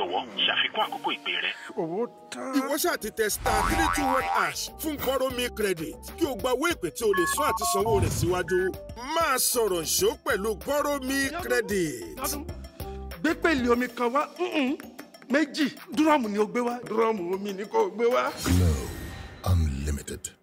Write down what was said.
jọ̀wọ́ ṣàfikún àkókò ìpè rẹ. owó tán. ìwọ ṣáà ti tẹ star three two one hash fún borrow me credit kí o gba owó ìpè tí o lè sún àti sanwó rẹ̀ síwájú. máa sọ̀rọ̀ ṣó pẹ̀lú borrow me credit. gbé omi kan wá méjì dúrọ́ọ̀mù ni o gbé wá dúrọ́ọ̀mù omi ni kò gbé wá. Glo unlimited.